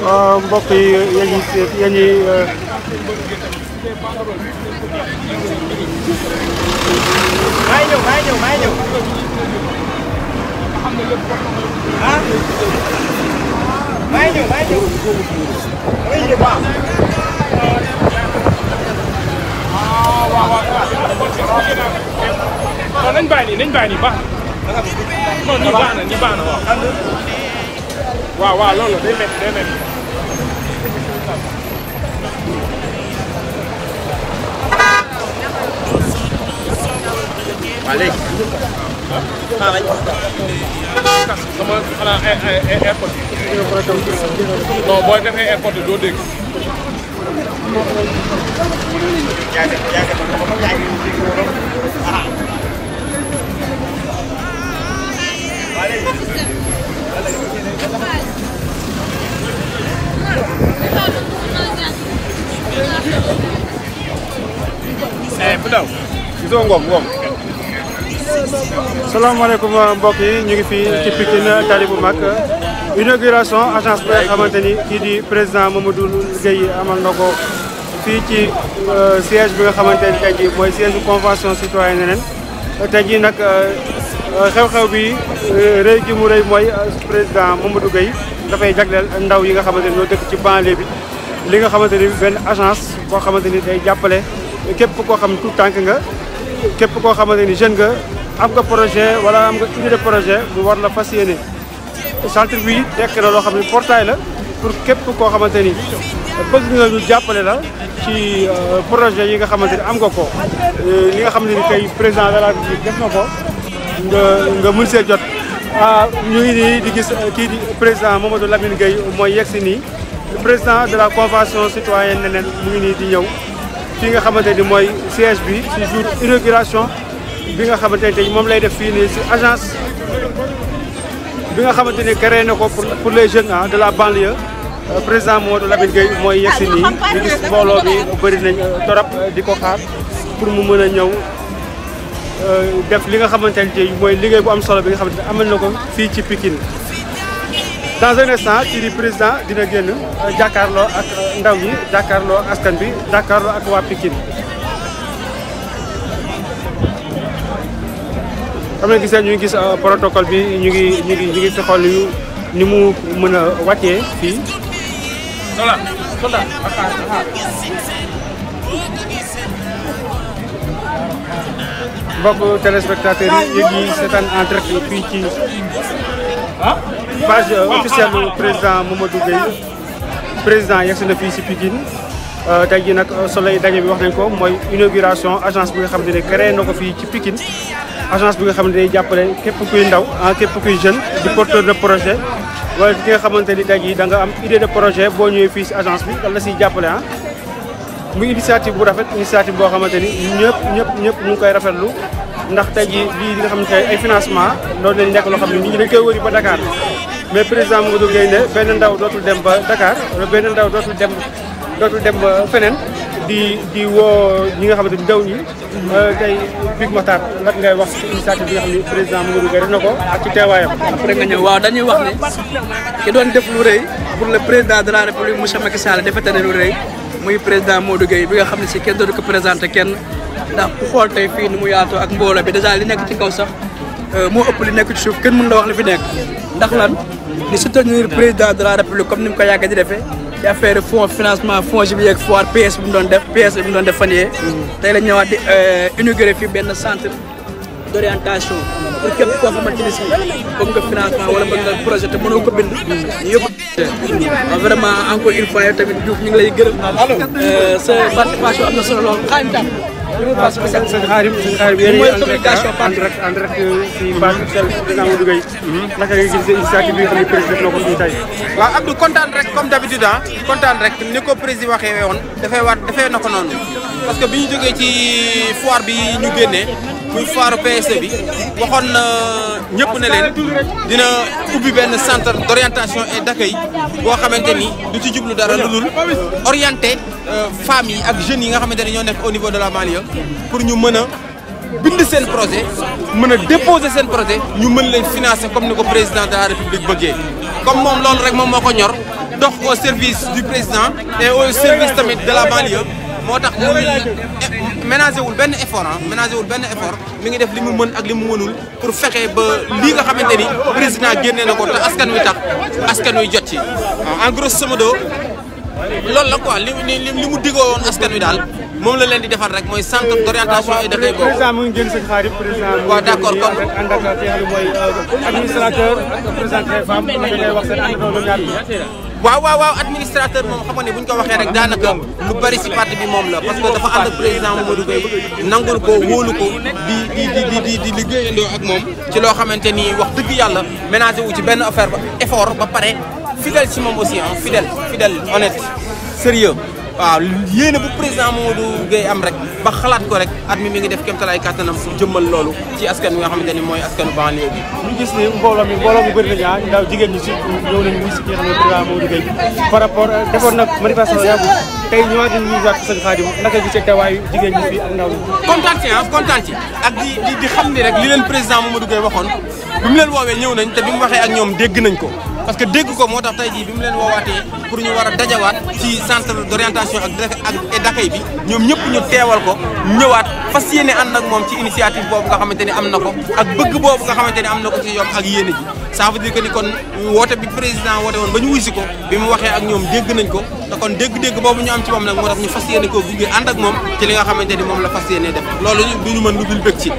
mbokk yi yañu yañu euh, may ñëw may ñëw may ñëw ah may ñëw may ñëw may ñëw waaw ah, waaw waaw nañ bàyyi nii nañ bàyyi nii baax na non nii baax na nii baax na waaw waaw waaw loolu day métti day métti. waaw léegi. ah oui. sama xanaa ay ay ay airport. non booy defee airport doo dégg. jaajëf jaajëf waaw léegi. eh bu daw euh, mbokk yi ñu ngi fii ci Pikine tali bu mag inauguration agence bi nga xamante ni kii di président Mamadou Guèye amal na ko fii ci euh, siège bi nga xamante ni tey jii mooy siège convention citoyenne neneen tey jii nag euh, xew-xew bi euh, rëy gi mu rëy mooy euh, président Mamadou Gueye dafay jagleel ndaw yi nga xamante ni ñoo dëkk ci ban bi li nga xamante ni benn agence boo xamante ni day jàppale képp koo xam tout tànk nga képp koo xamante ni jeune nga am nga projet wala am nga idée de projet mu war la fas yéene centre bi tekk na loo xam ne portail la pour képp koo xamante ni bëgg nga ñu jàppale la ci euh, projet yi nga xamante ni am nga ko li nga xam ni kay président de la République def na ko nga nga mun see jot ah, ñu ngi nii di gis eh, kii di président moom Mamadou Lamine Gueye mooy yegg si nii président de la convention citoyenne neneen mu ngi nii di ñëw fii nga xamante ni mooy siège bi ci jour inauguration bi nga xamante ni tey moom lay def fii nii si agence bi nga xamante ni créé na ko pour pour les jeunes ah de la banlieue euh, président Mamadou Lamine Gueye mooy yegg si nii ñu gis booloo bi bëri nañ euh, torop euh, di ko xaar pour mu mën a ñëw Euh, def li nga xamante ni mooy liggéey bu am solo bi nga xamante ne amal na ko fii ci Pikine. dans un instant kii di président dina génn euh, jàkkaarloo ak euh, ndaw ñi jàkkaarloo askan bi jàkkaarloo ak waa pikin xam nga gisee ñu ngi gis protocole bi ñu ngi ñu ngi ñu ngi xool ni mu mën a wàccee fii. voilà. mbokk téléspectateurs yi yéen ñii seetaan en direct fii ci page officielle bu président Mamadou Gueye président yegsi na fii si Pikine euh, tey jii nag euh, soleil daje bi wax nañ ko mooy inauguration agence bi nga xam ne créé na ko fii ci Pikine agence bi nga xam ne ni jàppale képp kuy ndaw ah képp kuy jeune di porteur de projet wala ki nga xamante ni tey jii da nga am idée de projet boo ñëwee fii si agence bi lan la siy jàppale ah. mu initiative bu rafet initiative boo xamante ni ñëpp ñëpp ñëpp ñu ngi koy rafetlu ndax tey jii lii li nga xam ne tey ay financement loolu lañ nekk loo xam ne nit ñi dañ koy wëri ba Dakar mais président Modou Gueye ne ndaw dootul dem ba Dakar benn ndaw dootul dem dootul dem ba feneen di di woo ñi nga xamante ni ndaw ñi euh, tey Big Matar lan ngay wax ci initiative bi nga xam ne président Modou Gueye def na ko ak ci teewaayam. après nga ñëw waaw dañuy wax ne ki doon def lu rëy pour le président de la république monsieur Macky Sall defete na lu rëy. muy président Modou Gueye bi nga xam ne si kenn dootu ko présenté kenn ndax ku xool tey fii ni mu yaatoo ak mbooloo bi dèjà li nekk ci kaw sax euh, moo ëpp li nekk ci suuf kenn mun na wax li fi nekk ndax lan di soutenir président de la république comme ni mu ko yàgg di defee ci affaire fonds financement fonds ji bi yeeg PS bi mu doon def PS bi mu doon def fan yee mm. tey la ñëwaat di euh, inauguré fii benn centre d'orientation pour képp koo xamante ni si bëgg nga financement wala bëgg nga projet te mënoo ko bind ñu yëpp vraiment encore une fois yow tamit Diouf ñu ngi lay gërëm euh, sa participation am na solo lool xaaim tam parce que seen a en direct en direct si Ba Sel Amadou Gueye. naka nga gisee initiative bi nga na ko fii tey. waaw rek comme d' habitude ah rek ni ko président waxee woon dafay war dafay na parce que bi ñu jógee ci foire bi ñu génnee muy foire PSE bi waxoon na ñëpp ne leen dina ubbi benn centre d' orientation et d' boo xamante ni du ci jublu dara lu dul orienté euh, femmes yi ak jeunes yi nga xamante ni ñoo nekk au niveau de la banlieue pour ñu mën bind seen projet mën a déposer seen projet ñu mën leen financer comme ni ko président de la république bëggee comme moom loolu rek moom moo ko ñor dox au service du président et au service tamit de la banlieue moo tax muy ménagé wul benn effort ah ménagé wul benn effort mi ngi def li mu mën ak li mu mënul pour fexe ba lii nga xamante ni président génnee na ko te askan wi tax askan wi jot ci. waaw sama doo modo loolu la quoi li li li mu digoo woon askan wi daal moom la leen di defal rek mooy centre d' orientation et d'accueil boobu. président mu ngi génn seen xarit président. waaw d' accord kon administrateur waaw waaw waaw administrateur moom xam nga ne bu ñu ko waxee rek daanaka lu bari si parti bi moom la parce que dafa ànd ak président Mamadou Gueye nangul ko wóolu ko di di di di di liggéeyandoo ak moom ci loo xamante ni wax dëgg yàlla ménagé wu ci benn affaire ba effort ba pare fidèle si moom aussi ah fidèle fidèle honnête sérieux waaw yéene bu président Mamadou Gueye am rek ba xalaat ko rek at mi mi ngi def kéemtalaay kàttanam pour jëmmal loolu ci askan wi nga xamante ni mooy askanu banlieue bi. ñu gis ni mbooloo mi mbooloo mu bëri la ñu ndaw jigéen ñi surtout ñëw nañu muy si kii nga xam ne président Mamadou Gueye par rapport defoon na manifestation yàggul. tey ñëwaat nañu ñu waat sëñ Khadim naka gisee teewaayu jigéen ñi fii ak ndaw ñi. kontaan ci ah ci ak di xam ni rek li leen président Mamadou Gueye waxoon bi mu leen woowee ñëw nañ te bi mu waxee ak ñoom dégg nañ ko. parce que dégg ko moo tax tey jii bi mu leen woowaatee pour ñu war a dajawaat ci centre d' orientation ak ak bi ñoom ñëpp ñu teewal ko ñëwaat. fas yéene ànd ak moom ci initiative boobu nga ni am na ko ak bëgg boobu nga am na ko ci yomb ak yéene ji ça veut ni kon woote bi président woon ba ñu wusi ko bi mu waxee ak ñoom dégg nañ ko kon dégg-dégg boobu ñu am ci moom nag moom la fas yéene loolu ñu mën lu dul bëgg ci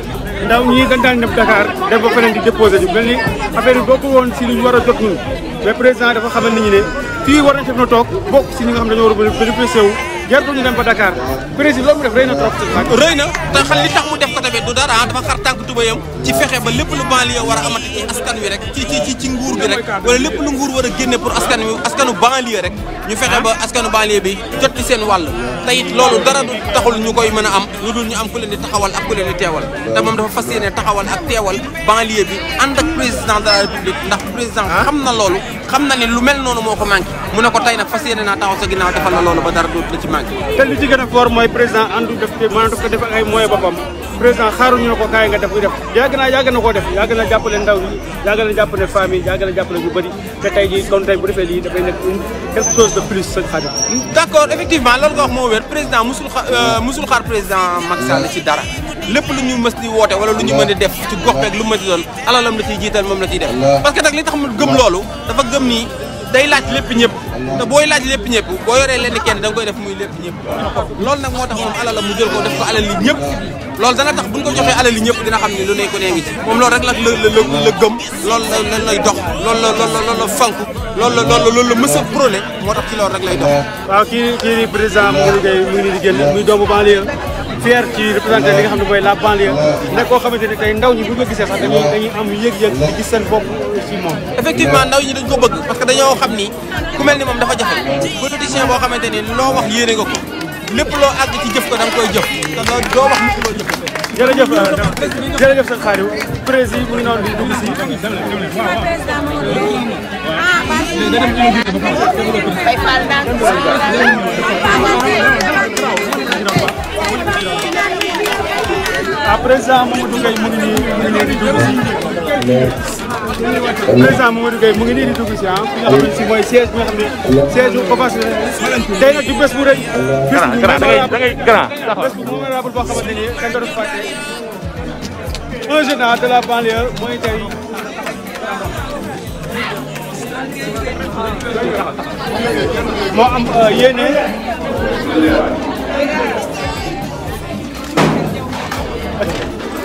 ndaw ñii dañ daan Dakar def ba feneen di déposé ju mel ni affaire yi woon si lu ñu war a jot ñun mais président dafa xamal nit ñi ne fii war nañ def na toog wu jartul ñu dem ba Dakar président loolu mu def rëy na trop. rëy na te xam li tax mu def defee du dara ah, dafa xar tànk tubayam ci fexe ba lépp lu banlieue war a amati ci askan wi rek ci ci ci nguur bi rek wala lépp lu nguur war a génne pour askan wi askanu banlieue rek ñu fexe ba askanu banlieue bi jot ci seen wàll te loolu dara du taxul ñu koy mën a am lu dul ñu am ku leen di taxawal ak ku leen di teewal te moom dafa fas yéene taxawal ak teewal banlieue bi ànd ak président de la république ndax président ah. xam na loolu xam na ne lu mel noonu moo ko manqué mu ne ko tey nag fas yéene naa a fort mooy président àndu def président xaaruñoo ko kaay nga def def yàgg naa yàgg na koo def yàgg na jàppale ndaw yi yàgg na jàppale famille yàgg na jàppale ñu bëri te tey jii kon tey bu defee lii dafay nekk une quelque chose effectivement loolu nga wax moo wér président euh, hmm. musul xaar président Macky Sall ci dara lépp lu ñu mës di woote wala lu ñu mën di def ci gox beeg lu mën di alalam la ciy jiital moom la ciy def parce que nag li tax mu gëm loolu dafa gëm nii day laaj lépp ñëpp te booy laaj lépp ñëpp boo yoree lenn kenn da nga koy def muy lépp ñëpp loolu nag moo tax moom alal la mu jël ko def ko alal li ñëpp loolu dana tax ne lu ne ko nee ngi ci moom loolu rek la la la gëm loolu la lay dox loolu la loolu la loolu la loolu loolu la mës a prôné moo tax ci loolu rek lay dox waaw kii kii di président Modou Gueye mu nii di génn muy doomu banlieue fier ci représenter li nga xam ne mooy la banlieue nekk koo xamante ne tey ndaw ñi bu nga gisee sax dañuy dañuy am yëg moom effectivement ndaw ko bëgg parce que dañoo xam ni ku mel ni moom dafa jafe politicien boo xamante ni loo wax yéene nga ko lépp loo àgg jëf ko da koy jëf doo wax mukk loo jëf jërëjëf euh, jërëjëf sëñ Xaariw président mu ngi noonu président Mamadou Gueye mu ngi nii di dugg si. président Mamadou Gueye mu ngi nii di dugg si ah. fi nga xam ne si mooy siège bi nga xam ne siège bu COPACEL tey nag du bés bu rëy. grand grand da ngay da ngay grand. bés bu mémorable boo xamante ni kenn dootu fàtte. un jeune de la banlieue mooy tey. moo am euh, yéene.